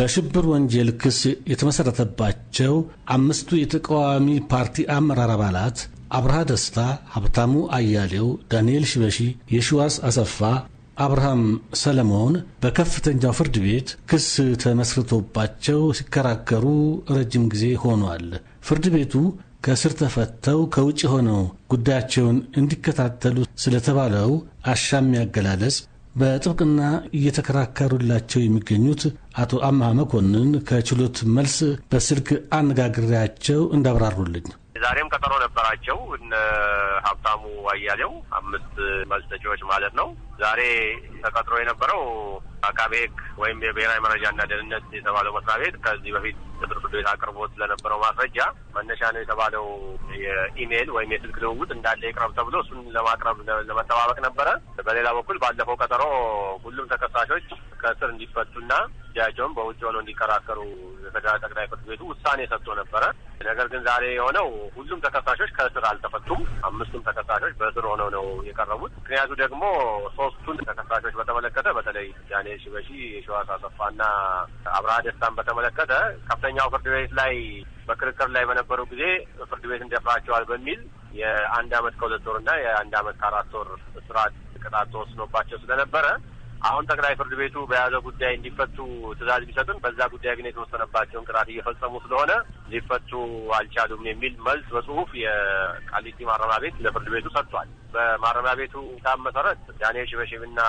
በሽብር ወንጀል ክስ የተመሠረተባቸው አምስቱ የተቃዋሚ ፓርቲ አመራር አባላት አብርሃ ደስታ፣ ሀብታሙ አያሌው፣ ዳንኤል ሽበሺ፣ የሽዋስ አሰፋ፣ አብርሃም ሰለሞን በከፍተኛው ፍርድ ቤት ክስ ተመስርቶባቸው ሲከራከሩ ረጅም ጊዜ ሆኗል። ፍርድ ቤቱ ከእስር ተፈተው ከውጭ ሆነው ጉዳያቸውን እንዲከታተሉ ስለተባለው አሻሚ አገላለጽ በጥብቅና እየተከራከሩላቸው የሚገኙት አቶ አማሃ መኮንን ከችሎት መልስ በስልክ አነጋግሬያቸው እንዳብራሩልኝ ዛሬም ቀጠሮ ነበራቸው እነ ሀብታሙ አያሌው አምስት መልስ ሰጪዎች ማለት ነው። ዛሬ ተቀጥሮ የነበረው አቃቤ ሕግ ወይም የብሔራዊ መረጃና ደህንነት የተባለው መስሪያ ቤት ከዚህ በፊት ጥጥር ቤት አቅርቦት ለነበረው ማስረጃ መነሻ ነው የተባለው የኢሜይል ወይም የስልክ ልውውጥ እንዳለ ይቅረብ ተብሎ እሱን ለማቅረብ ለመጠባበቅ ነበረ። በሌላ በኩል ባለፈው ቀጠሮ ሁሉም ተከሳሾች ከእስር እንዲፈቱና እጃቸውም በውጭ ሆነው እንዲከራከሩ የፌዴራል ጠቅላይ ፍርድ ቤቱ ውሳኔ ሰጥቶ ነበረ። ነገር ግን ዛሬ የሆነው ሁሉም ተከሳሾች ከእስር አልተፈቱም። አምስቱም ተከሳሾች በእስር ሆነው ነው የቀረቡት። ምክንያቱ ደግሞ ሶስቱን ተከሳሾች በተመለከተ በተለይ ጃኔ ሽበሺ፣ የሸዋስ አሰፋና አብርሃ ደስታን በተመለከተ ከፍተኛው ፍርድ ቤት ላይ በክርክር ላይ በነበሩ ጊዜ ፍርድ ቤት እንደፍራቸዋል በሚል የአንድ አመት ከሁለት ወርና የአንድ አመት ከአራት ወር እስራት ቅጣት ተወስኖባቸው ስለነበረ አሁን ጠቅላይ ፍርድ ቤቱ በያዘው ጉዳይ እንዲፈቱ ትእዛዝ ቢሰጥም በዛ ጉዳይ ግን የተወሰነባቸውን ቅጣት እየፈጸሙ ስለሆነ ሊፈቱ አልቻሉም የሚል መልስ በጽሁፍ የቃሊቲ ማረሚያ ቤት ለፍርድ ቤቱ ሰጥቷል። በማረሚያ ቤቱ ታም መሰረት ዳንኤል ሽበሽብና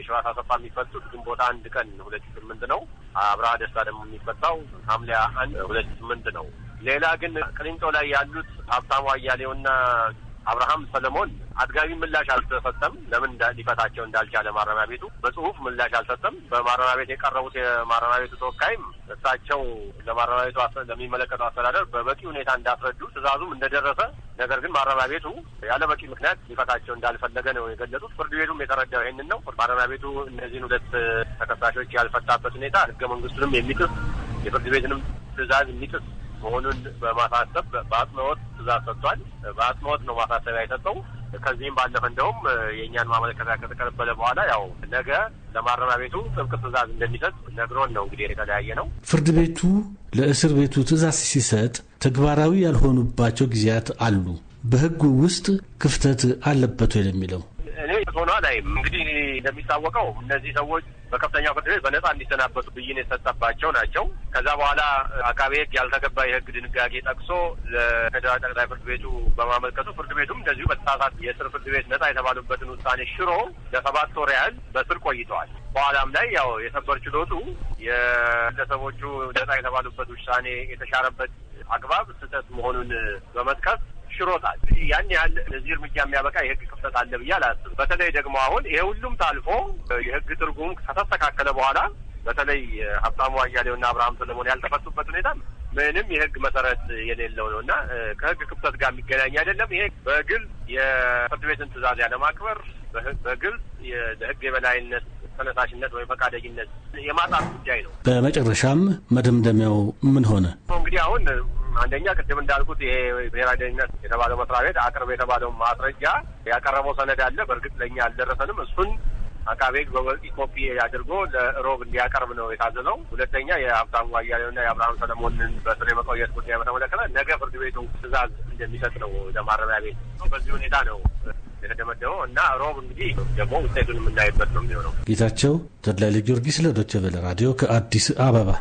የሸዋስ አሰፋ የሚፈቱት ግንቦት አንድ ቀን ሁለት ስምንት ነው። አብርሃ ደስታ ደግሞ የሚፈታው ሐምሌ አንድ ሁለት ስምንት ነው። ሌላ ግን ቅሊንጦ ላይ ያሉት ሀብታሙ አያሌውና አብርሃም ሰለሞን አድጋቢ ምላሽ አልተሰጠም። ለምን ሊፈታቸው እንዳልቻለ ማረሚያ ቤቱ በጽሁፍ ምላሽ አልሰጠም። በማረሚያ ቤት የቀረቡት የማረሚያ ቤቱ ተወካይም እሳቸው ለማረሚያ ቤቱ ለሚመለከተው አስተዳደር በበቂ ሁኔታ እንዳስረዱ ትዕዛዙም እንደደረሰ ነገር ግን ማረሚያ ቤቱ ያለ በቂ ምክንያት ሊፈታቸው እንዳልፈለገ ነው የገለጹት። ፍርድ ቤቱም የተረዳው ይህንን ነው። ማረሚያ ቤቱ እነዚህን ሁለት ተከሳሾች ያልፈታበት ሁኔታ ህገ መንግስቱንም የሚጥስ የፍርድ ቤትንም ትዕዛዝ የሚጥስ መሆኑን በማሳሰብ በአጽንኦት ትእዛዝ ሰጥቷል። በአጽንኦት ነው ማሳሰቢያ የሰጠው። ከዚህም ባለፈ እንደውም የእኛን ማመለከታ ከተቀበለ በኋላ ያው ነገ ለማረሚያ ቤቱ ጥብቅ ትእዛዝ እንደሚሰጥ ነግሮን ነው እንግዲህ የተለያየ ነው። ፍርድ ቤቱ ለእስር ቤቱ ትእዛዝ ሲሰጥ ተግባራዊ ያልሆኑባቸው ጊዜያት አሉ። በህጉ ውስጥ ክፍተት አለበት ወይ ለሚለው ሆኗል። አይም እንግዲህ እንደሚታወቀው እነዚህ ሰዎች በከፍተኛው ፍርድ ቤት በነጻ እንዲሰናበቱ ብይን የተሰጠባቸው ናቸው። ከዛ በኋላ አቃቤ ሕግ ያልተገባ የሕግ ድንጋጌ ጠቅሶ ለፌዴራል ጠቅላይ ፍርድ ቤቱ በማመልከቱ ፍርድ ቤቱም እንደዚሁ በተሳሳት የስር ፍርድ ቤት ነጻ የተባሉበትን ውሳኔ ሽሮ ለሰባት ወር ያህል በስር ቆይተዋል። በኋላም ላይ ያው የሰበር ችሎቱ የግለሰቦቹ ነጻ የተባሉበት ውሳኔ የተሻረበት አግባብ ስህተት መሆኑን በመጥቀስ ሽሮታል። ያን ያህል ለዚህ እርምጃ የሚያበቃ የህግ ክፍተት አለ ብዬ አላስብ። በተለይ ደግሞ አሁን ይሄ ሁሉም ታልፎ የህግ ትርጉም ከተስተካከለ በኋላ በተለይ ሀብታሙ አያሌውና አብርሃም ሰለሞን ያልተፈቱበት ሁኔታ ምንም የህግ መሰረት የሌለው ነው እና ከህግ ክፍተት ጋር የሚገናኝ አይደለም። ይሄ በግል የፍርድ ቤትን ትዕዛዝ ያለማክበር፣ በግልጽ ለህግ የበላይነት ተነሳሽነት ወይም ፈቃደኝነት የማጣት ጉዳይ ነው። በመጨረሻም መደምደሚያው ምን ሆነ? እንግዲህ አሁን አንደኛ ቅድም እንዳልኩት ይሄ ብሔራዊ ደህንነት የተባለው መስሪያ ቤት አቅርብ የተባለው ማስረጃ ያቀረበው ሰነድ አለ። በእርግጥ ለእኛ አልደረሰንም። እሱን አቃቤ ሕግ በበቂ ኮፒ አድርጎ ለሮብ እንዲያቀርብ ነው የታዘዘው። ሁለተኛ የሀብታሙ አያሌውና የአብርሃም ሰለሞንን በስር የመቆየት ጉዳይ በተመለከተ ነገ ፍርድ ቤቱ ትእዛዝ እንደሚሰጥ ነው ለማረሚያ ቤት። በዚህ ሁኔታ ነው የተደመደመው እና ሮብ እንግዲህ ደግሞ ውጤቱን የምናይበት ነው የሚሆነው። ጌታቸው ተድላ ጊዮርጊስ ለዶቸ ቬለ ራዲዮ ከአዲስ አበባ